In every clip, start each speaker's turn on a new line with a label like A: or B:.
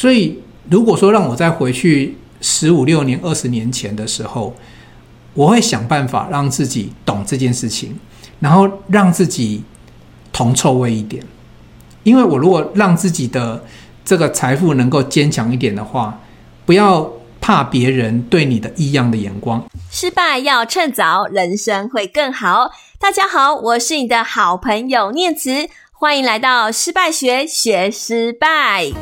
A: 所以，如果說讓我再回去十五六年、二十年前的時候，我會想辦法讓自己懂這件事情，然後讓自己銅臭味一點。因為我如果讓自己的這個財富能夠堅強一點的話，不要怕別人對你的異樣的眼光。
B: 失敗要趁早，人生會更好。大家好，我是你的好朋友念慈，歡迎來到失敗學，學失敗。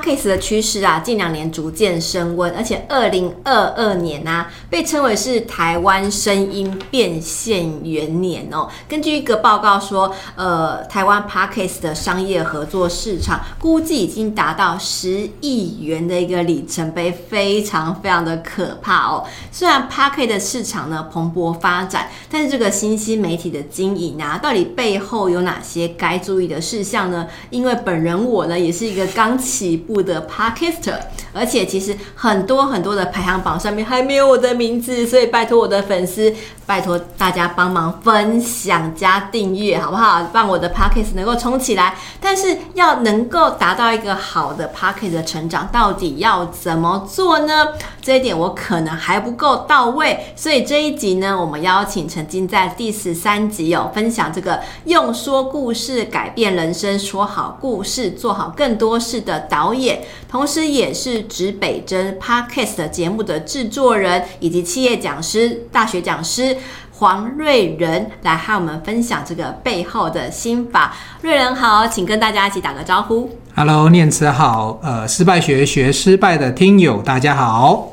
B: Podcast 的趨勢啊，近兩年逐漸升溫，而且二零二二年呢、啊，被稱為是台灣聲音變現元年哦。根據一個報告說，呃，台灣 Podcast 的商業合作市場估計已經達到十億元的一個里程碑，非常非常的可怕哦。雖然 Podcast 的市場呢蓬勃發展，但是這個新興媒體的經營啊，到底背後有哪些該注意的事項呢？因為本人我呢，也是一個剛起步。的 Podcast，而且其實很多很多的排行榜上面還沒有我的名字，所以拜托我的粉絲，拜託大家幫忙分享加訂閱，好不好？讓我的 Podcast 能夠衝起來。但是要能夠達到一個好的 Podcast 的成長，到底要怎麼做呢？這一點我可能還不夠到位，所以這一集呢，我們邀請曾經在第十三集有、哦、分享這個“用說故事改變人生，說好故事做好更多事”的導演。也，同時也是指北針 Podcast 節目的制作人以及企業講師、大學講師黃瑞仁來和我們分享這個背後的心法。瑞仁好，請跟大家一起打個招呼。
A: Hello，念慈好，呃，失敗學學失敗的聽友大家好。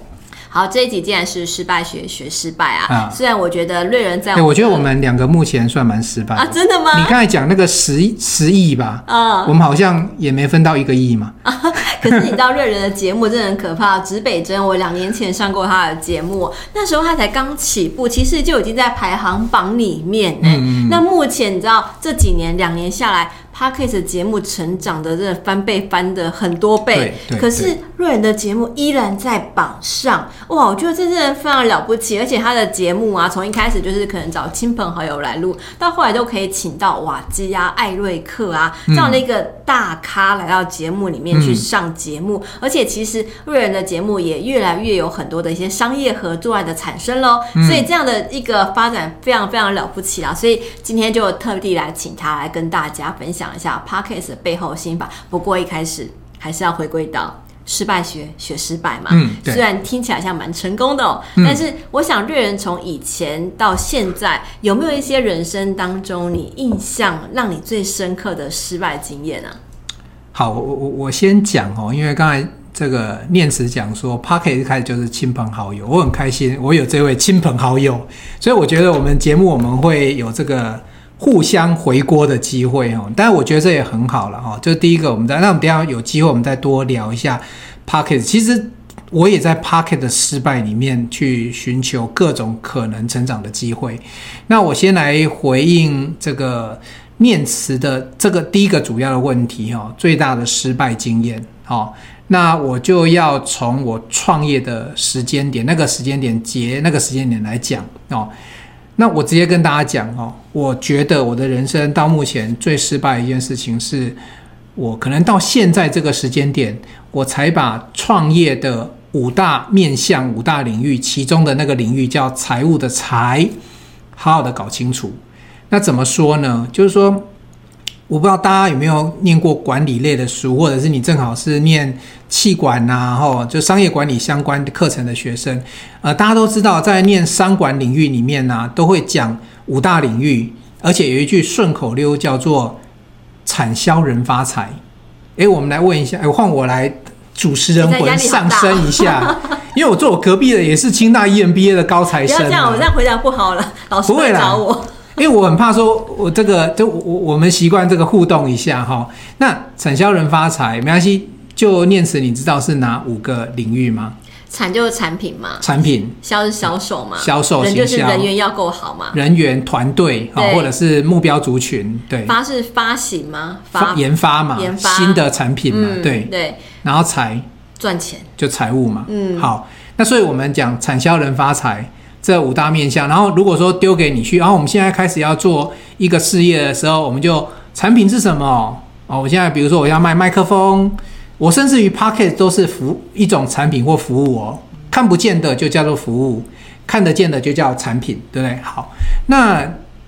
B: 好，這一集既然是失敗學學失敗啊，啊雖然我覺得瑞仁在我，欸，我覺得我
A: 們兩個目前算蠻失敗啊，真的嗎？你剛才講那個十十億吧，啊，我們好像也沒分到一個億嘛。啊
B: 可是你知道瑞仁的節目真的很可怕。指北針，我兩年前上過他的節目，那時候他才剛起步，其實就已經在排行榜裡面。嗯嗯嗯，那目前你知道這幾年兩年下來？他可以使節目成長的真的翻倍翻的很多倍，對對對，可是瑞人的節目依然在榜上哇！我覺得這真的非常了不起，而且他的節目啊，從一開始就是可能找親朋好友來錄，到後來都可以請到瓦基呀、啊、艾瑞克啊這樣的一個大咖來到節目裡面去上節目，嗯、而且其實瑞人的節目也越來越有很多的一些商業合作案的產生嘍。嗯、所以這樣的一個發展非常非常了不起啊！所以今天就特地來請他來跟大家分享。講一下 Podcast 背後心法，不過一開始還是要回歸到失敗學學失敗嘛。嗯，雖然聽起來像蠻成功的、哦，嗯、但是我想瑞仁從以前到現在有沒有一些人生當中你印象讓你最深刻的失敗經驗呢、啊？
A: 好，我我我先講哦，因為剛才這個念詞講說 Podcast 開始就是親朋好友，我很開心我有這位親朋好友，所以我覺得我們節目我們會有這個。互相回鍋的機會哦，但我覺得這也很好了哦。這是第一個，我們再，那我們等下有機會我們再多聊一下 Pocket。其實我也在 Pocket 的失敗裡面去尋求各種可能成長的機會。那我先來回應這個面詞的這個第一個主要的問題哦，最大的失敗經驗哦，那我就要從我創業的時間點、那個時間點結、結那個時間點來講哦。那我直接跟大家講哦，我覺得我的人生到目前最失敗的一件事情是，我可能到現在這個時間點，我才把創業的五大面向、五大領域其中的那個領域叫財務的財，好好的搞清楚。那怎麼說呢？就是說。我不知道大家有沒有念過管理類的書，或者是你正好是念企管吶、啊，然後就商業管理相關課程的學生。呃，大家都知道，在念商管領域裡面呢、啊，都會講五大領域，而且有一句順口溜叫做“產銷人發財”。哎、欸，我們來問一下，哎、欸，換我來主持人魂上升一下，因為我坐我隔壁的也是清大 EMBA 的高材生。這樣，我這樣
B: 回答不好了，老師會找我。
A: 因為我很怕說，我這個就我我們習慣這個互動一下哈、喔。那產銷人發財沒關係，就念詞，你知道是哪五個領域嗎？
B: 產就是產品嘛，產品，銷是銷售嘛，銷售行銷，人就是人員要夠好嘛，
A: 人員團隊對，或者是目標族群對。發
B: 是發行嗎？發，
A: 研發嘛，研發新的產品嘛，對、嗯、對。然後，財賺錢就財務嘛，嗯。好，那所以我們講產銷人發財。這五大面向，然後如果說丟給你去，然後啊我們現在開始要做一個事業的時候，我們就產品是什麼？哦，我現在比如說我要賣麥克風，我甚至於 Podcast 都是服一種產品或服務哦，看不見的就叫做服務，看得見的就叫產品，對不對？好，那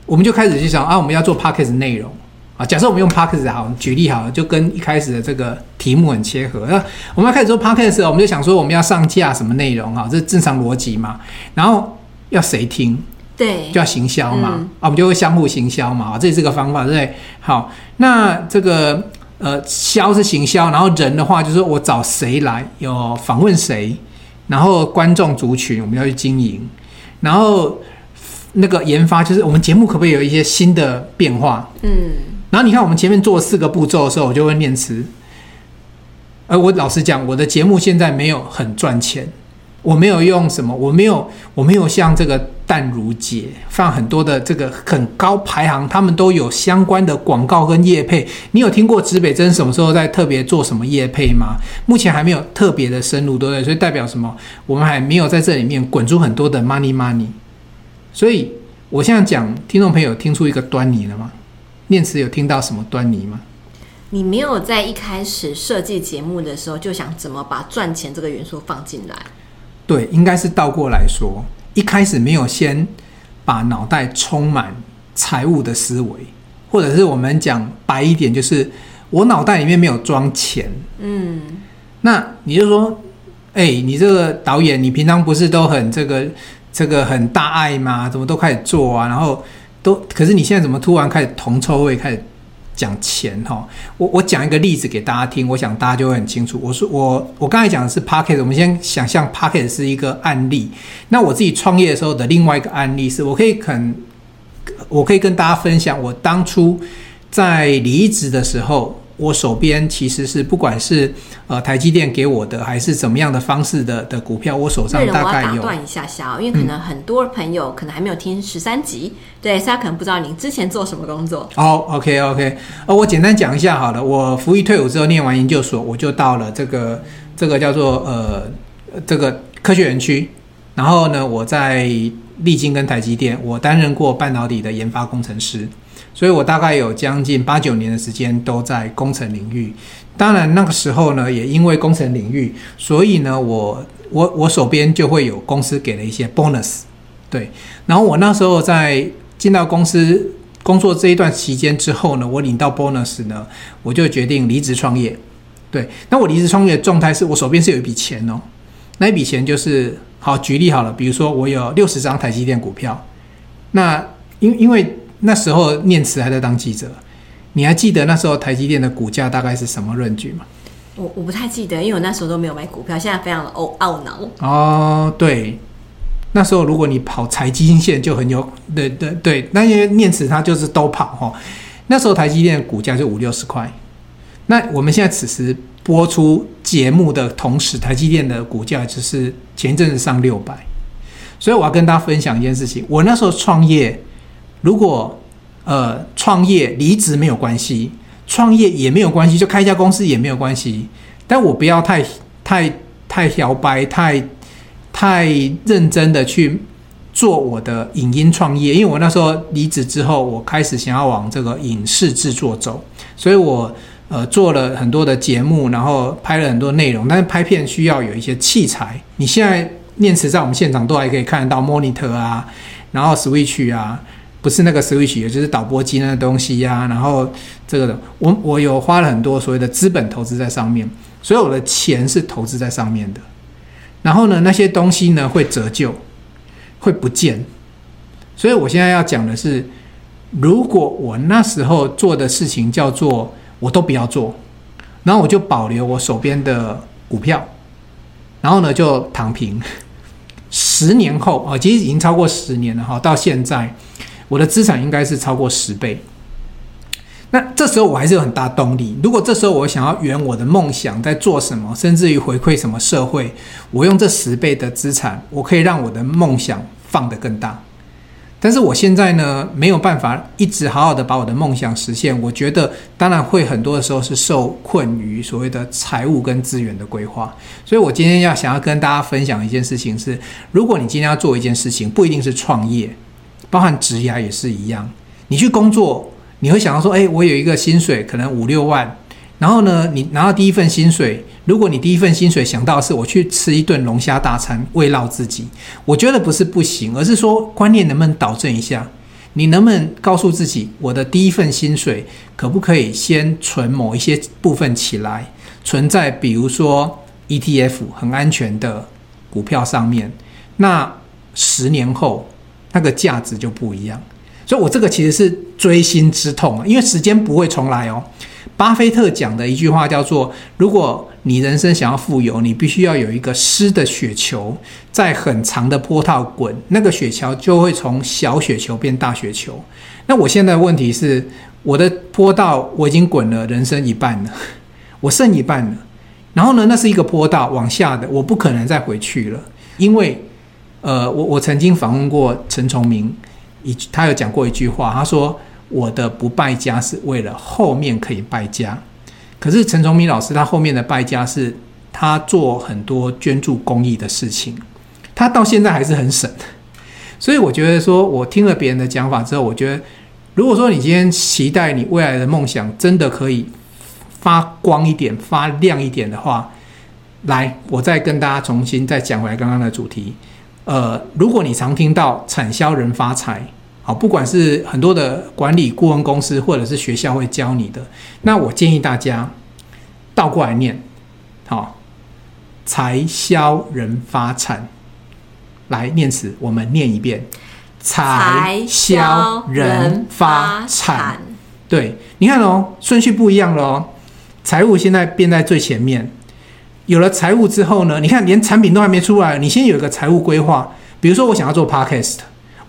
A: 我們就開始去想啊，我們要做 Podcast 內容啊，假設我們用 Podcast 好舉例好，就跟一開始的這個題目很切合，那我們要開始做 Podcast 的時候，我們就想說我們要上架什麼內容啊？這是正常邏輯嘛？然後。要誰聽？
B: 對，就
A: 要行銷嘛，嗯、啊，我們就會相互行銷嘛、啊，這是一個方法，對好，那這個呃，銷是行銷，然後人的話就是我找誰來有訪問誰，然後觀眾族群我們要去經營，然後那個研發就是我們節目可不可以有一些新的變化？嗯，然後你看我們前面做四個步驟的時候，我就會念詞，而我老實講，我的節目現在沒有很賺錢。我沒有用什麼，我沒有，我沒有像這個淡如姐放很多的這個很高排行，他們都有相關的廣告跟業配。你有聽過指北針什麼時候在特別做什麼業配嗎？目前還沒有特別的深入，對不對？所以代表什麼？我們還沒有在這裡面滾出很多的 money money。所以我現在講，聽眾朋友聽出一個端倪了嗎？念慈有聽到什麼端倪嗎？
B: 你沒有在一開始設計節目的時候就想怎麼把賺錢這個元素放進來？
A: 對，應該是倒過來說，一開始沒有先把腦袋充滿財務的思維，或者是我們講白一點，就是我腦袋裡面沒有裝錢。嗯，那你就說，哎、欸，你這個導演，你平常不是都很這個這個很大愛嗎？怎麼都開始做啊？然後都，可是你現在怎麼突然開始銅臭味開始講錢哈，我我講一個例子給大家聽，我想大家就會很清楚。我說我我剛才講的是 Pocket，我們先想象 Pocket 是一個案例。那我自己創業的時候的另外一個案例是，是我可以肯，我可以跟大家分享，我當初在離職的時候。我手邊其實是不管是呃台積電給我的，還是怎麼樣的方式的的股票，我手上大概有。要打斷一
B: 下下，小、哦，因為可能很多朋友可能還沒有聽十三集，嗯、對，所以他可能不知道您之前做什麼工作。
A: 哦 OK，OK 呃，我簡單講一下好了。我服役退伍之後，念完研究所，我就到了這個這個叫做呃這個科學園區。然後呢，我在力晶跟台積電，我擔任過半導體的研發工程師。所以我大概有將近八九年的時間都在工程領域。當然那個時候呢，也因為工程領域，所以呢，我我我手邊就會有公司給了一些 bonus，對。然後我那時候在進到公司工作這一段期間之後呢，我領到 bonus 呢，我就決定離職創業，對。那我離職創業的狀態是我手邊是有一筆錢哦，那一筆錢就是，好舉例好了，比如說我有六十張台積電股票，那因因為。那時候念慈還在當記者，你還記得那時候台積電的股價大概是什麼論據嗎？
B: 我我不太記得，因為我那時候都沒有買股票，現在非常的懊懊惱。
A: 哦，對，那時候如果你跑財經線就很有對對對，那因為念慈他就是都跑哦。那時候台積電的股價就五六十塊，那我們現在此時播出節目的同時，台積電的股價就是前一陣子上六百，所以我要跟大家分享一件事情，我那時候創業。如果呃創業離職沒有關係，創業也沒有關係，就開一家公司也沒有關係。但我不要太、太、太搖擺、太、太認真的去做我的影音創業，因為我那時候離職之後，我開始想要往這個影視制作走，所以我呃做了很多的節目，然後拍了很多內容。但是拍片需要有一些器材，你現在念詞在我們現場都還可以看得到 monitor 啊，然後 switch 啊。不是那個 switch，也就是導播機那東西呀、啊。然後這個的，我我有花了很多所謂的資本投資在上面，所以我的錢是投資在上面的。然後呢，那些東西呢會折舊，會不見。所以我現在要講的是，如果我那時候做的事情叫做我都不要做，然後我就保留我手邊的股票，然後呢就躺平。十年後啊，其實已經超過十年了哈，到現在。我的資產應該是超過十倍，那這時候我還是有很大動力。如果這時候我想要圓我的夢想，在做什麼，甚至於回饋什麼社會，我用這十倍的資產，我可以讓我的夢想放得更大。但是我現在呢，沒有辦法一直好好的把我的夢想實現。我覺得，當然會很多的時候是受困於所謂的財務跟資源的規劃。所以我今天要想要跟大家分享一件事情是：如果你今天要做一件事情，不一定是創業。包含職涯也是一樣，你去工作，你會想到說，哎、欸，我有一個薪水，可能五六萬，然後呢，你拿到第一份薪水，如果你第一份薪水想到是我去吃一頓龍蝦大餐，慰勞自己，我覺得不是不行，而是說觀念能不能導正一下？你能不能告訴自己，我的第一份薪水可不可以先存某一些部分起來，存在比如說 ETF 很安全的股票上面，那十年後。那個價值就不一樣，所以我這個其實是錐心之痛啊，因為時間不會重來哦。巴菲特講的一句話叫做：“如果你人生想要富有，你必須要有一個濕的雪球在很長的坡道滾，那個雪球就會從小雪球變大雪球。”那我現在的問題是，我的坡道我已經滾了人生一半了，我剩一半了，然後呢，那是一個坡道往下的，我不可能再回去了，因為。呃，我我曾經訪問過陳崇明，一他有講過一句話，他說：“我的不敗家是為了後面可以敗家。”可是陳崇明老師他後面的敗家是他做很多捐助公益的事情，他到現在還是很省。所以我覺得說，我聽了別人的講法之後，我覺得如果說你今天期待你未來的夢想真的可以發光一點、發亮一點的話，來，我再跟大家重新再講回來剛剛的主題。呃，如果你常聽到產銷人發財，好，不管是很多的管理顧問公司或者是學校會教你的，那我建議大家倒過來念，好、哦，財銷人發產，來念詞，我們念一遍，財銷人發產，發產，對你看哦，順序不一樣了哦，財務現在變在最前面。有了財務之後呢？你看，連產品都還沒出來，你先有一個財務規劃。比如說，我想要做 podcast，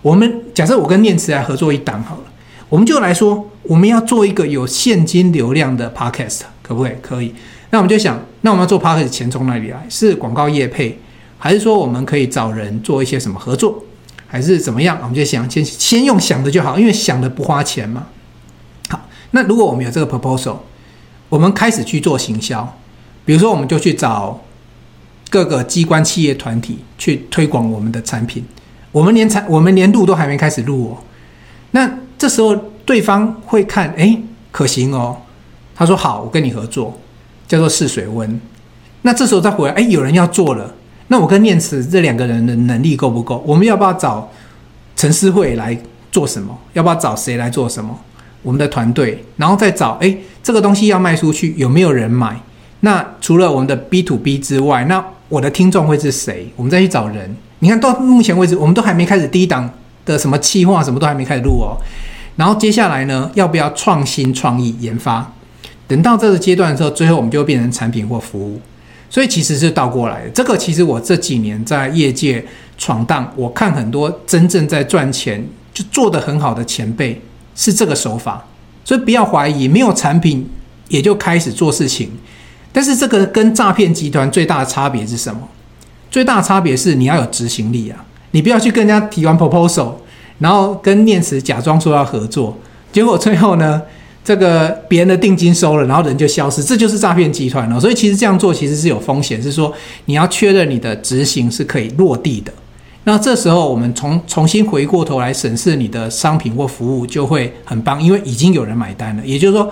A: 我們假設我跟念慈來合作一檔好了，我們就來說，我們要做一個有現金流量的 podcast，可不可以？可以。那我們就想，那我們要做 podcast，錢從哪裡來？是廣告業配，還是說我們可以找人做一些什麼合作，還是怎麼樣？我們就想先先用想的就好，因為想的不花錢嘛。好，那如果我們有這個 proposal，我們開始去做行銷。比如說，我們就去找各個機關、企業、團體去推廣我們的產品我，我們連產，我們連錄都還沒開始錄哦。那這時候對方會看，哎，可行哦。他說：“好，我跟你合作，叫做試水溫。”那這時候再回來，哎，有人要做了。那我跟念慈這兩個人的能力夠不夠？我們要不要找陳思慧來做什麼？要不要找誰來做什麼？我們的團隊，然後再找，哎，這個東西要賣出去，有沒有人買？那除了我們的 B to B 之外，那我的聽眾會是誰？我們再去找人。你看到目前為止，我們都還沒開始第一檔的什麼企劃，什麼都還沒開始錄哦。然後接下來呢，要不要創新、創意、研發？等到這個階段的時候，最後我們就會變成產品或服務。所以其實是倒過來的。這個其實我這幾年在業界闖蕩，我看很多真正在賺錢就做得很好的前輩，是這個手法，所以不要懷疑，沒有產品也就開始做事情。但是這個跟詐騙集團最大的差別是什麼？最大的差別是你要有執行力啊！你不要去跟人家提完 proposal，然後跟念慈假裝說要合作，結果最後呢，這個別人的定金收了，然後人就消失，這就是詐騙集團了哦。所以其實這樣做其實是有風險，是說你要確認你的執行是可以落地的。那這時候我們重重新回過頭來審視你的商品或服務就會很棒，因為已經有人買單了，也就是說。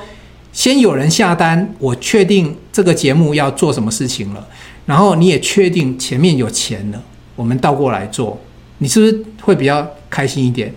A: 先有人下單，我確定這個節目要做什麼事情了，然後你也確定前面有錢了，我們倒過來做，你是不是會比較開心一點？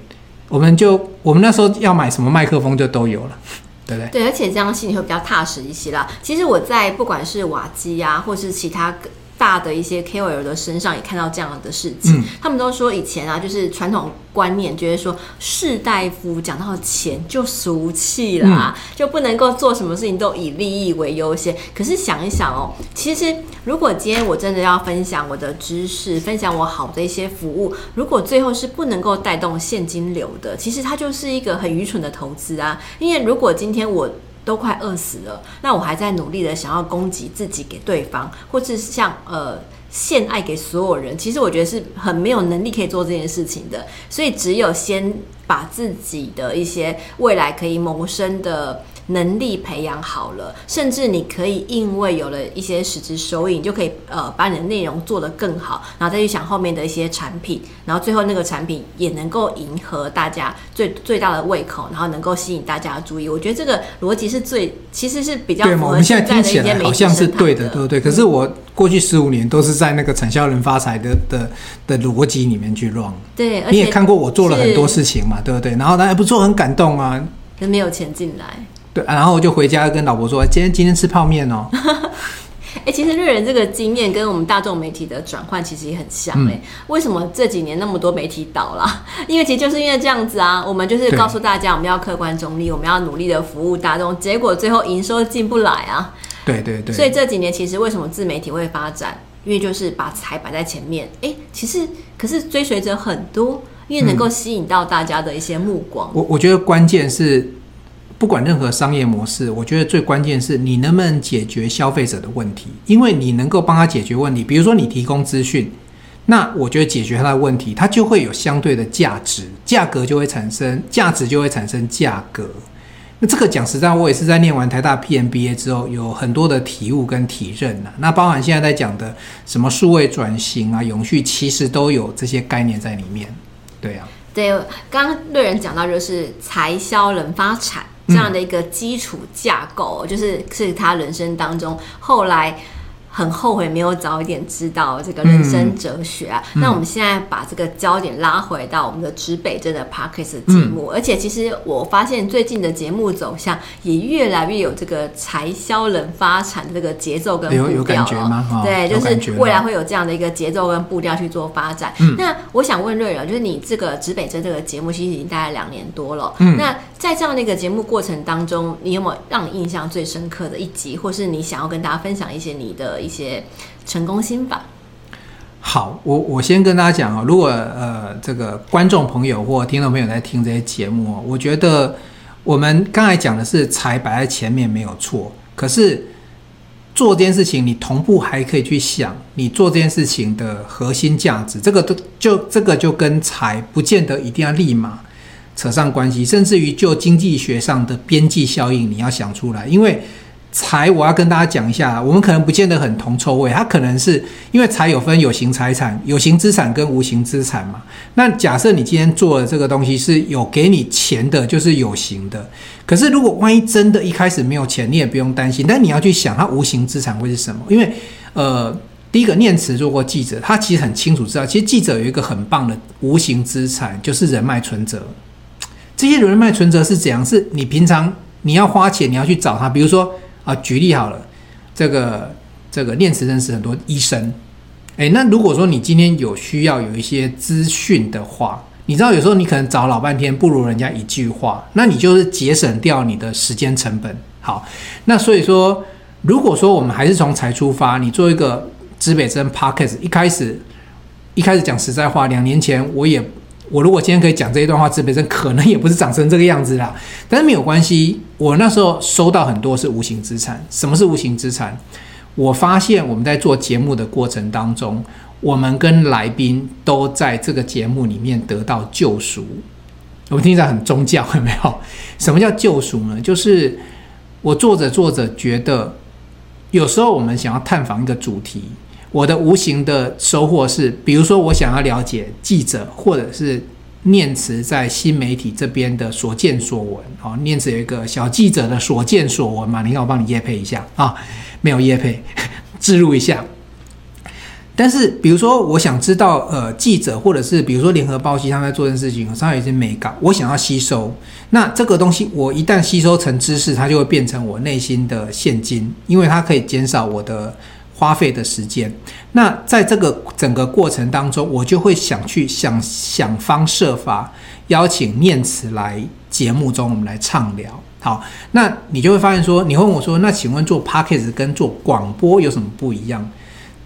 A: 我們就我們那時候要買什麼麥克風就都有了，對不對？對，
B: 而且這樣心裡會比較踏實一些啦。其實我在不管是瓦基呀、啊，或是其他，大的一些 KOL 的身上也看到這樣的事情，嗯、他們都說以前啊，就是傳統觀念覺得說士大夫講到錢就俗氣了、啊，嗯、就不能夠做什麼事情都以利益為優先。可是想一想哦，其實如果今天我真的要分享我的知識，分享我的好的一些服務，如果最後是不能夠帶動現金流的，其實它就是一個很愚蠢的投資啊。因為如果今天我都快餓死了，那我還在努力的想要供給自己給對方，或是像呃獻愛給所有人。其實我覺得是很沒有能力可以做這件事情的，所以只有先把自己的一些未來可以謀生的。能力培養好了，甚至你可以因為有了一些實質收益，你就可以呃把你的內容做得更好，然後再去想後面的一些產品，然後最後那個產品也能夠迎合大家最最大的胃口，然後能夠吸引大家的注意。我覺得這個邏輯是最其實是比較的的對嗎？我們現在聽起來好像是對
A: 的，對不對？可是我過去十五年都是在那個產銷人發財的的的邏輯裡面去 run。
B: 對，你也看過我做了很多
A: 事情嘛，對不對？然後大家不做很感動啊，
B: 沒有錢進來。
A: 對、啊，然後我就回家跟老婆說，今天今天吃泡麵哦。哎 、
B: 欸，其實瑞仁這個經驗跟我們大眾媒體的轉換其實也很像哎。嗯、為什麼這幾年那麼多媒體倒了？因為其實就是因為這樣子啊，我們就是告訴大家我們要客觀中立，對我們要努力的服務大眾，結果最後營收進不來啊。對
A: 對對。所以這
B: 幾年其實為什麼自媒體會發展？因為就是把財擺在前面。哎、欸，其實可是追隨者很多，因為能夠吸引到大家的一些目光。嗯、
A: 我我覺得關鍵是。不管任何商業模式，我覺得最關鍵是你能不能解決消費者的問題，因為你能夠幫他解決問題，比如說你提供資訊，那我覺得解決他的問題，他就會有相對的價值，價格就會產生，價值就會產生價格。那這個講實在，我也是在念完台大 PMBA 之後，有很多的體悟跟體認啊。那包含現在在講的什麼數位轉型啊、永續，其實都有這些概念在裡面。對啊，
B: 對，剛剛瑞仁講到就是財銷人發產。這樣的一個基礎架構，嗯，就是是他人生當中後來，很後悔沒有早一點知道這個人生哲學啊！嗯、那我們現在把這個焦點拉回到我們的指北針的 Podcast 節目，嗯、而且其實我發現最近的節目走向也越來越有這個產銷人發財的這個節奏跟步調，哦哎，有感覺嗎？哦、對，就是未來會有這樣的一個節奏跟步調去做發展。嗯、那我想問瑞仁，就是你這個指北針這個節目其實已經大概兩年多了，嗯、那在這樣的一個節目過程當中，你有沒有讓你印象最深刻的一集，或是你想要跟大家分享一些你的？一些成功心法。
A: 好，我我先跟大家講啊，如果呃這個觀眾朋友或聽眾朋友在聽這些節目哦，我覺得我們剛才講的是財擺在前面沒有錯，可是做這件事情，你同步還可以去想你做這件事情的核心價值，這個都就這個就跟財不見得一定要立馬扯上關係，甚至於就經濟學上的邊際效應，你要想出來，因為。財，我要跟大家講一下，我們可能不見得很銅臭味。它可能是因為財有分有形財產、有形資產跟無形資產嘛。那假設你今天做的這個東西是有給你錢的，就是有形的。可是如果萬一真的一開始沒有錢，你也不用擔心。但你要去想，它無形資產會是什麼？因為呃，第一個念慈做過記者，他其實很清楚知道，其實記者有一個很棒的無形資產，就是人脈存摺。這些人脈存摺是怎樣？是你平常你要花錢，你要去找他，比如說。啊，舉例好了，這個這個練詞認識很多醫生，誒、欸，那如果說你今天有需要有一些資訊的話，你知道有時候你可能找老半天不如人家一句話，那你就是節省掉你的時間成本。好，那所以說，如果說我們還是從財出發，你做一個指北針 podcast，一開始一開始講實在話，兩年前我也。我如果今天可以講這一段話，自閉症可能也不是長成這個樣子啦。但是沒有關係，我那時候收到很多是無形資產。什麼是無形資產？我發現我們在做節目的過程當中，我們跟來賓都在這個節目裡面得到救贖。我們聽起來很宗教，有沒有？什麼叫救贖呢？就是我做着做着，覺得有時候我們想要探訪一個主題。我的無形的收穫是，比如說我想要了解記者或者是念慈在新媒體這邊的所見所聞。哦，念慈有一個小記者的所見所聞嘛，你看我幫你業配一下啊、哦，沒有業配，呵呵置入一下。但是，比如說我想知道，呃，記者或者是比如說聯合報系他們在做這件事情，他有一些美感。我想要吸收。那這個東西我一旦吸收成知識，它就會變成我內心的現金，因為它可以減少我的。花費的時間，那在這個整個過程當中，我就會想去想想方設法邀請念慈來節目中，我們來暢聊。好，那你就會發現說，你問我說，那請問做 podcast 跟做廣播有什麼不一樣？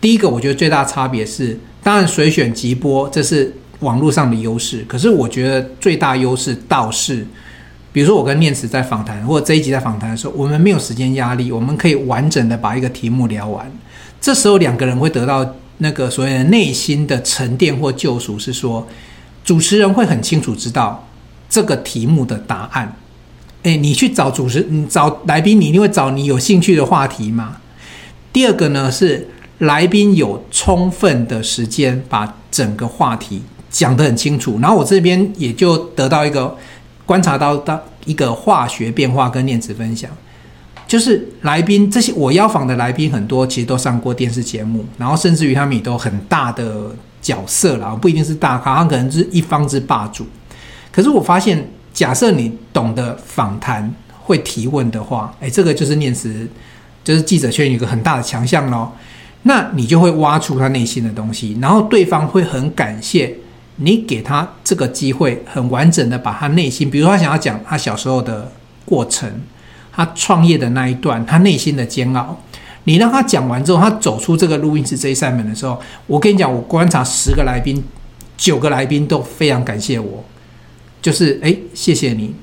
A: 第一個，我覺得最大差別是，當然隨選即播，這是網絡上的優勢，可是我覺得最大優勢倒是，比如說我跟念慈在訪談，或者這一集在訪談的時候，我們沒有時間壓力，我們可以完整的把一個題目聊完。這時候兩個人會得到那個所謂的內心的沉澱或救贖，是說主持人會很清楚知道這個題目的答案。誒，你去找主持人，你找來賓，你一定會找你有興趣的話題嘛。第二個呢是來賓有充分的時間把整個話題講得很清楚，然後我這邊也就得到一個觀察到的一個化學變化跟鏈子分享。就是來賓這些我邀訪的來賓很多，其實都上過電視節目，然後甚至於他們也都很大的角色了，不一定是大咖，他可能是一方之霸主。可是我發現，假設你懂得訪談，會提問的話，哎、欸，這個就是念詞，就是記者圈有一個很大的強項嘍。那你就會挖出他內心的東西，然後對方會很感謝你給他這個機會，很完整的把他內心，比如他想要講他小時候的過程。他創業的那一段，他內心的煎熬，你讓他講完之後，他走出這個錄音室這一扇門的時候，我跟你講，我觀察十個來賓，九個來賓都非常感謝我，就是哎、欸，謝謝你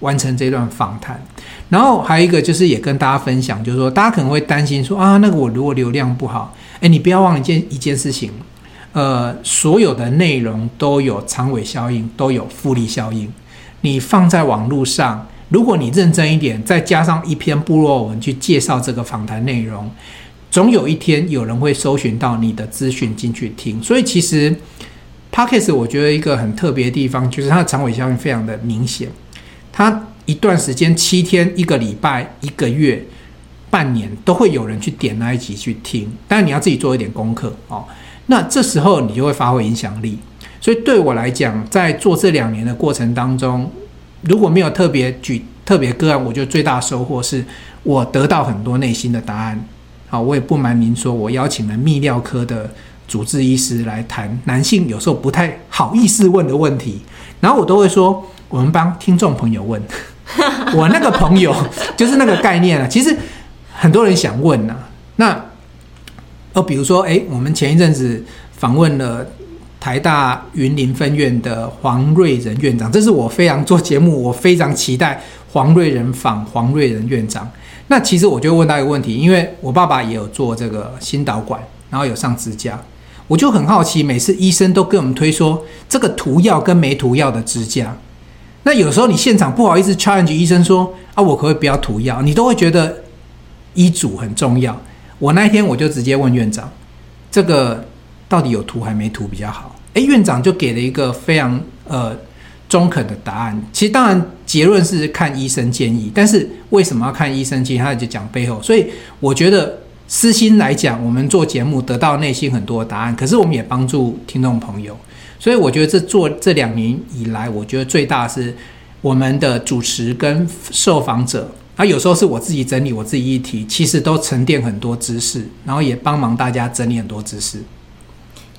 A: 完成這段訪談。然後還有一個就是也跟大家分享，就是說大家可能會擔心說啊，那個我如果流量不好，哎、欸，你不要忘了一件一件事情，呃，所有的內容都有長尾效應，都有複利效應，你放在網絡上。如果你認真一點，再加上一篇部落文去介紹這個訪談內容，總有一天有人會搜尋到你的資訊進去聽。所以其實 Podcast 我覺得一個很特別的地方，就是它的長尾效應非常的明顯。它一段時間七天、一個禮拜、一個月、半年都會有人去點那一集去聽。但是你要自己做一點功課哦。那這時候你就會發揮影響力。所以對我來講，在做這兩年的過程當中，如果沒有特別舉特別個案，我覺得最大的收穫是我得到很多內心的答案。好，我也不瞞您說，我邀請了泌尿科的主治醫師來談男性有時候不太好意思問的問題，然後我都會說我們幫聽眾朋友問。 我那個朋友就是那個概念啊，其實很多人想問呢、啊，那呃，比如說，哎、欸，我們前一陣子訪問了。台大雲林分院的黃瑞仁院長，這是我非常做節目，我非常期待黃瑞仁訪黃瑞仁院長。那其實我就問到一個問題，因為我爸爸也有做這個新導管，然後有上支架，我就很好奇，每次醫生都跟我們推說這個塗藥跟沒塗藥的支架，那有時候你現場不好意思挑 h a 醫生說啊，我可不可以不要塗藥？你都會覺得醫囑很重要。我那天我就直接問院長，這個。到底有塗還沒塗比較好？哎、欸，院長就給了一個非常呃中肯的答案。其實當然結論是看醫生建議，但是為什麼要看醫生建議？他就講背後。所以我覺得私心來講，我們做節目得到內心很多的答案，可是我們也幫助聽眾朋友。所以我覺得這做這兩年以來，我覺得最大是我們的主持跟受訪者，他、啊、有時候是我自己整理，我自己議題，其實都沉澱很多知識，然後也幫忙大家整理很多知識。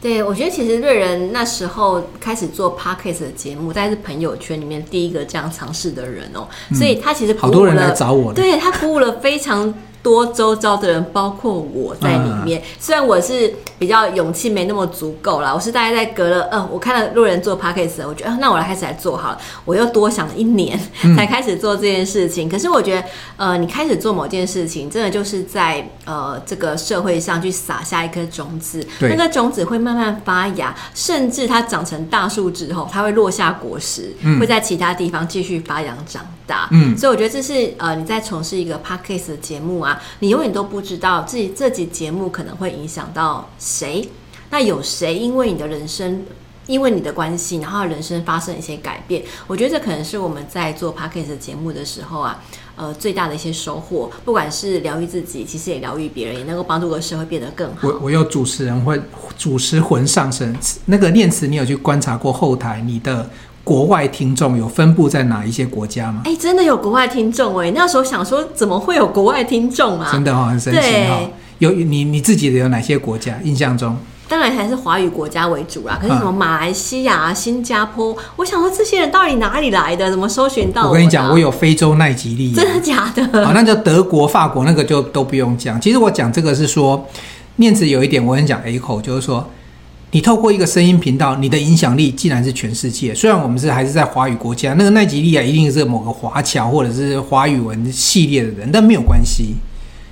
B: 對，我覺得其實瑞仁那時候開始做 podcast 的節目，大概是朋友圈裡面第一個這樣嘗試的人哦。嗯、所以他其實好多人來找我的，對，他鼓舞了非常。多周遭的人，包括我在裡面。啊、雖然我是比較勇氣沒那麼足夠啦，我是大概在隔了，嗯、呃，我看到路人做 Podcast 我覺得，啊、那我來開始來做好了。我又多想了一年才開始做這件事情。嗯、可是我覺得，呃，你開始做某件事情，真的就是在呃這個社會上去撒下一顆種子，對那顆種子會慢慢發芽，甚至它長成大樹之後，它會落下果實，會在其他地方繼續發揚長。嗯嗯，所以我覺得這是呃，你在從事一個 podcast 的節目啊，你永遠都不知道自己這集節目可能會影響到誰，那有誰因為你的人生，因為你的關係，然後人生發生一些改變。我覺得這可能是我們在做 podcast 的節目的時候啊，呃，最大的一些收穫，不管是療癒自己，其實也療癒別人，也能夠幫助個社會變得更
A: 好。我我有主持人會主持魂上身那個念詞，你有去觀察過後台你的國外聽眾有分布在哪一些國家嗎？
B: 哎，真的有國外聽眾哎、欸！那時候想說，怎麼會有國外聽眾啊？真
A: 的、哦、很神奇哈、哦！對有你，你自己的有哪些國家印象中？
B: 當然還是華語國家為主啦。可是什麼馬來西亞、嗯、新加坡？我想說，這些人到底哪裡來的？怎麼搜尋到我的？我跟你
A: 講，我有非洲奈及利亞，真
B: 的假的？好，那就
A: 德國、法國，那個就都不用講。其實我講這個是說，面子有一點我很講 a 口就是說。你透過一個聲音頻道，你的影響力竟然是全世界，雖然我們是還是在華語國家，那個奈吉利亞一定是某個華僑或者是華語文系列的人，但沒有關係，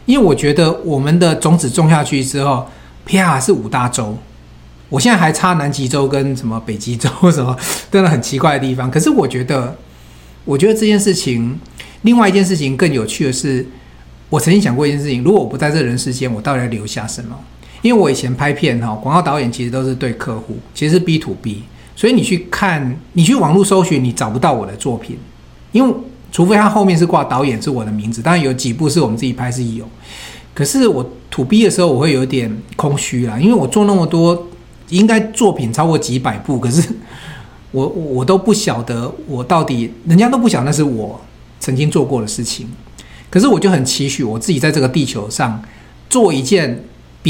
A: 因為我覺得我們的種子種下去之後，啪是五大洲，我現在還差南極洲跟什麼北極洲什麼，真的很奇怪的地方。可是我覺得，我覺得這件事情，另外一件事情更有趣的是，我曾經想過一件事情：如果我不在這人世間，我到底要留下什麼？因為我以前拍片哈，廣告導演其實都是對客戶，其實是 B to B，所以你去看，你去網絡搜尋，你找不到我的作品，因為除非他後面是掛導演是我的名字，當然有幾部是我們自己拍是有，可是我 to B 的時候，我會有點空虛啦，因為我做那麼多，應該作品超過幾百部，可是我我都不曉得我到底，人家都不曉得那是我曾經做過的事情，可是我就很期許我自己在這個地球上做一件。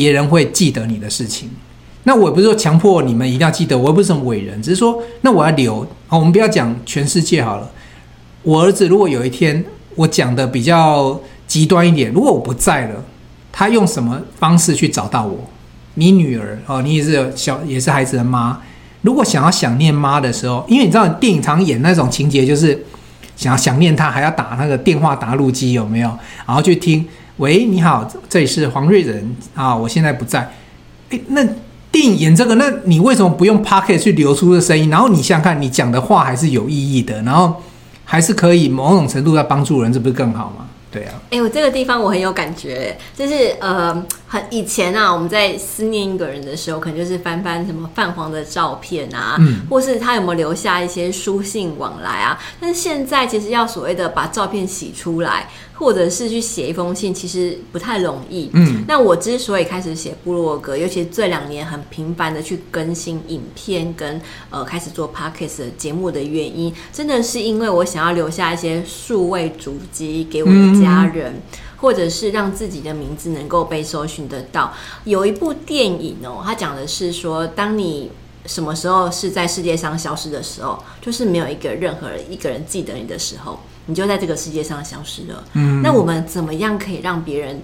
A: 別人會記得你的事情，那我也不是說強迫你們一定要記得，我又不是什麼偉人，只是說，那我要留、哦，我們不要講全世界好了。我兒子，如果有一天，我講得比較極端一點，如果我不在了，他用什麼方式去找到我？你女兒哦，你也是小，也是孩子的媽，如果想要想念媽的時候，因為你知道你電影常演那種情節，就是想要想念他，還要打那個電話答錄機，有沒有？然後去聽。喂，你好，這裡是黃瑞仁啊、哦，我現在不在。哎，那電影演這個，那你為什麼不用 Podcast 去流出的聲音？然後你想，想看，你講的話還是有意義的，然後還是可以某種程度在幫助人，這不是更好嗎？對啊。
B: 哎、欸，我這個地方我很有感覺，就是呃，很以前啊，我們在思念一個人的時候，可能就是翻翻什麼泛黃的照片啊，嗯、或是他有沒有留下一些書信往來啊。但是現在其實要所謂的把照片洗出來。或者是去寫一封信，其實不太容易。嗯，那我之所以開始寫部落格，尤其這兩年很頻繁的去更新影片跟呃開始做 podcast 的節目的原因，真的是因為我想要留下一些數位足跡給我的家人，嗯、或者是讓自己的名字能夠被搜尋得到。有一部電影哦，它講的是說，當你什麼時候是在世界上消失的時候，就是沒有一個任何人一個人記得你的時候。你就在這個世界上消失了。嗯，那我們怎麼樣可以讓別人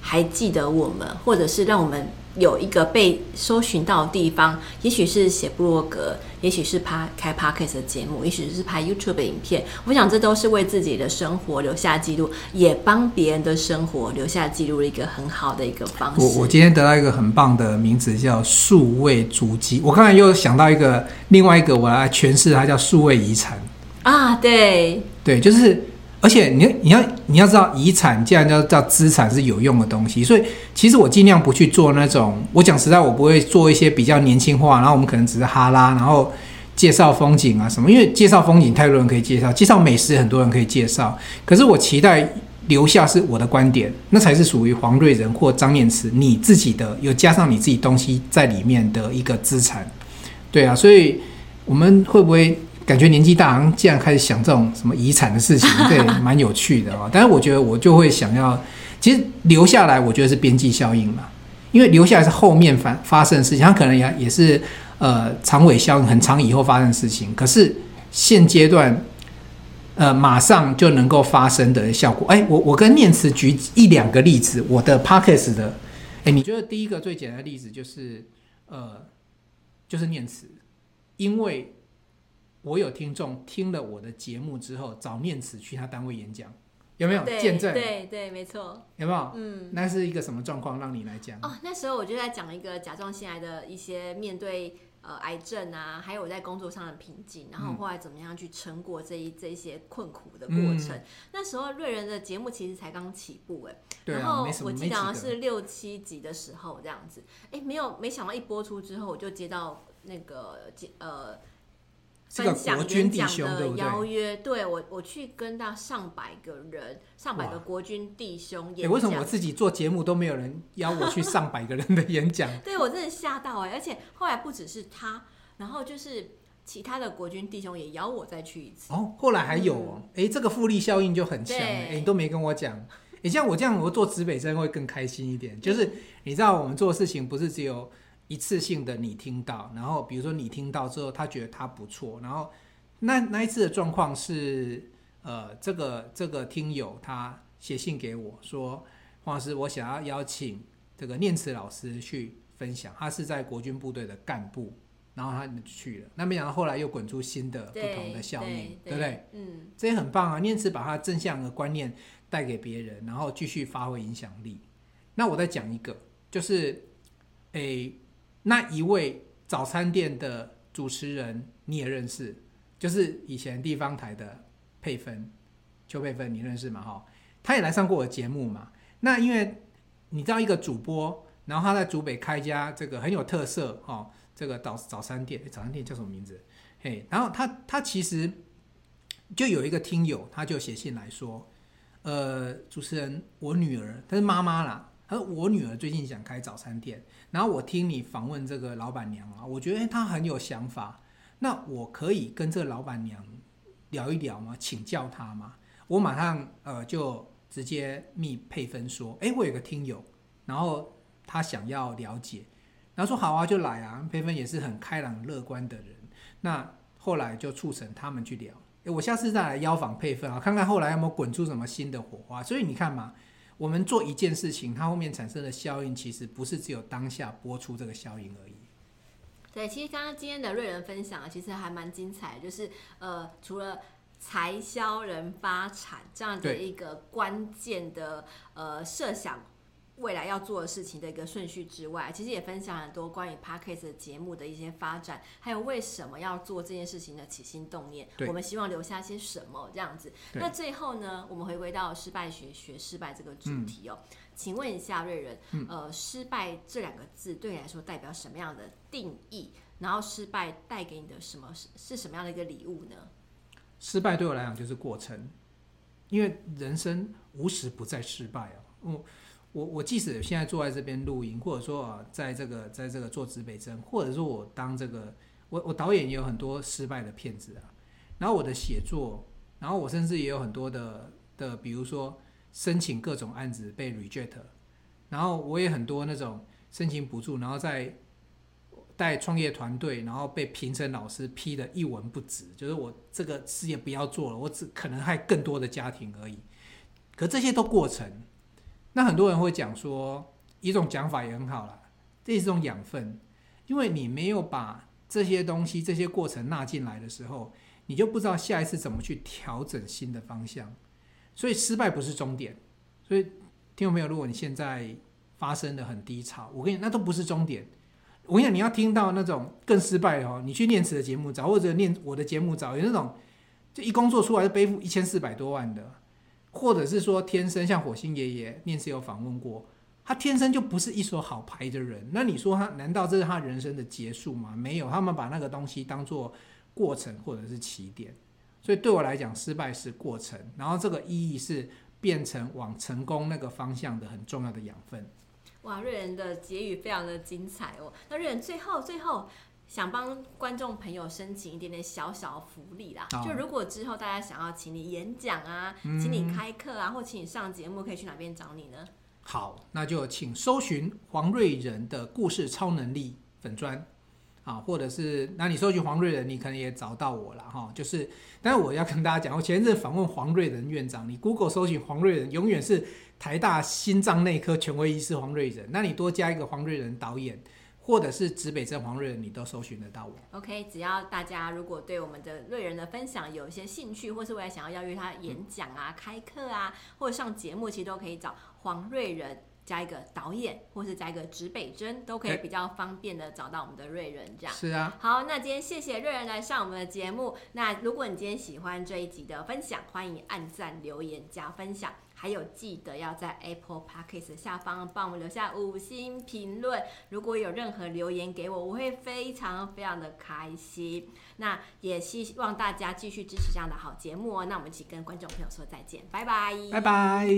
B: 還記得我們，或者是讓我們有一個被搜尋到的地方？也許是寫部落格，也許是拍開 podcast 的節目，也許是拍 YouTube 的影片。我想，這都是為自己的生活留下記錄，也幫別人的生活留下記錄的一個很好的一個方
A: 式。我，我今天得到一個很棒的名字，叫“數位足跡”。我剛才又想到一個另外一個，我來詮釋它叫“數位遺產”。
B: 啊，對。
A: 對，就是，而且你你要你要知道，遺產既然叫叫資產，是有用的東西。所以其實我盡量不去做那種，我講實在，我不會做一些比較年輕化，然後我們可能只是哈拉，然後介紹風景啊什麼。因為介紹風景太多人可以介紹，介紹美食很多人可以介紹。可是我期待留下是我的觀點，那才是屬於黃瑞仁或張念慈你自己的，有加上你自己東西在裡面的一個資產。對啊，所以我們會不會？感覺年紀大，好像竟然開始想這種什麼遺產的事情，對，蠻有趣的哦。但是我覺得我就會想要，其實留下來，我覺得是邊際效應嘛，因為留下來是後面發發生的事情，它可能也也是呃長尾效應，很長以後發生的事情。可是現階段，呃，馬上就能夠發生的效果。哎，我我跟念慈舉一兩個例子，我的 Podcast 的，哎，你覺得第一個最簡單的例子就是呃，就是念慈，因為。我有聽眾聽了我的節目之後，找念慈去他單位演講，有沒有見證？對
B: 對，沒錯。有沒有？嗯，那是
A: 一個什麼狀況讓你來講？哦，
B: 那時候我就在講一個甲狀腺癌的一些面對，呃，癌症啊，還有我在工作上的瓶頸，然後後來怎麼樣去撐過這一、嗯、這一些困苦的過程。嗯、那時候瑞仁的節目其實才剛起步、欸，誒、啊，然後沒什麼，我記得好像是六七集的時候這樣子。誒、欸，沒有，沒想到一播出之後，我就接到那個接呃。這個國軍弟兄的邀約，對、對、對，我，我去跟到上百個人，上百個國軍弟兄演講，欸。為什麼我自
A: 己做節目都沒有人邀我去上百個人的演講？
B: 對我真的嚇到哎，欸！而且後來不只是他，然後就是其他的國軍弟兄也邀我再去一次。哦，
A: 後來還有哎，哦嗯欸，這個複利效應就很強哎對、欸，你都沒跟我講。你，欸，像我這樣，我做指北針的會更開心一點。嗯，就是你知道，我們做事情不是只有。一次性的，你聽到，然後比如說你聽到之後，他覺得他不錯，然後那那一次的狀況是，呃，這個這個聽友他寫信給我說：“黃老師，我想要邀請這個念慈老師去分享，他是在國軍部隊的幹部，然後他去了。那沒想到後來又滾出新的不同的效應，對,對,對,對不對？嗯，這也很棒啊！念慈把他正向的觀念帶給別人，然後繼續發揮影響力。那我再講一個，就是誒。那一位早餐店的主持人你也認識，就是以前地方台的佩芬，邱佩芬，你認識嘛？哈，他也來上過我節目嘛。那因為你知道一個主播，然後他在竹北開家這個很有特色哈，這個早早餐店，早餐店叫什麼名字？嘿，然後他他其實就有一個聽友，他就寫信來說，呃，主持人，我女兒，她是媽媽啦。而我女兒最近想開早餐店，然後我聽你訪問這個老闆娘啊，我覺得、欸、她很有想法，那我可以跟這個老闆娘聊一聊嗎？請教她嗎？我馬上呃就直接密佩芬說，誒，我有個聽友，然後他想要了解，然後說好啊就來啊，佩芬也是很開朗樂觀的人，那後來就促成他們去聊，誒，我下次再來邀訪佩芬啊，看看後來有沒有滾出什麼新的火花，所以你看嘛。我們做一件事情，它後面產生的效應其實不是只有當下播出這個效應而已。
B: 對，其實剛剛今天的瑞仁分享啊，其實還蠻精彩，就是呃，除了產銷人發財這樣的一個關鍵的對呃設想。未來要做的事情的一個順序之外，其實也分享很多關於 Podcast 節目的一些發展，還有為什麼要做這件事情的起心動念。對我們希望留下些什麼？這樣子。對那最後呢，我們回歸到失敗學學失敗這個主題哦。嗯、請問一下瑞仁，呃，失敗這兩個字對你來說代表什麼樣的定義？嗯、然後失敗帶給你的什麼？是是什麼樣的一個禮物呢？
A: 失敗對我來講就是過程，因為人生無時不在失敗哦。嗯。我我，即使現在坐在這邊錄音，或者說啊，在這個在這個做指北針，或者說我當這個我我導演，也有很多失敗的片子啊，然後我的寫作，然後我甚至也有很多的的，比如說申請各種案子被 reject，然後我也很多那種申請補助，然後在帶創業團隊，然後被評審老師批的一文不值，就是我這個事業不要做了，我只可能害更多的家庭而已。可這些都過程。那很多人會講說，一種講法也很好啦，這是一種養分，因為你沒有把這些東西、這些過程納進來的時候，你就不知道下一次怎麼去調整新的方向。所以失敗不是終點。所以聽眾朋友，如果你現在發生的很低潮，我跟你，那都不是終點。我跟你講，你要聽到那種更失敗哦，你去念詞的節目找，或者念我的節目找，有那種這一工作出來就背負一千四百多萬的。或者是說，天生像火星爺爺面試有訪問過，他天生就不是一手好牌的人。那你說他難道這是他人生的結束嗎？沒有，他們把那個東西當做過程或者是起點。所以對我來講，失敗是過程，然後這個意義是變成往成功那個方向的很重要的養分。
B: 哇，瑞仁的結語非常的精彩哦。那瑞仁最後最後。想幫觀眾朋友申請一點點小小福利啦，就如果之後大家想要請你演講啊，請你開課啊，嗯、或請你上節目，可以去哪邊找你呢？
A: 好，那就請搜尋黃瑞仁的故事超能力粉專啊，或者是那你搜尋黃瑞仁，你可能也找到我了哈。就是，但是我要跟大家講，我前陣訪問黃瑞仁院長，你 Google 搜尋黃瑞仁，永遠是台大心臟內科權威醫師黃瑞仁。那你多加一個黃瑞仁導演。或者是指北針黃瑞仁，你都搜尋得到我。
B: OK，只要大家如果對我們的瑞仁的分享有一些興趣，或是未來想要邀約他演講啊、嗯、開課啊，或者上節目，其實都可以找黃瑞仁加一個導演，或是加一個指北針，都可以比較方便的找到我們的瑞仁這樣。是啊、欸，好，那今天謝謝瑞仁來上我們的節目。嗯、那如果你今天喜歡這一集的分享，歡迎按讚、留言、加分享。還有記得要在 Apple Podcast 下方幫我留下五星評論。如果有任何留言給我，我會非常非常的開心。那也希望大家繼續支持這樣的好節目哦。那我們一起跟觀眾朋友說再見，拜
A: 拜，拜拜。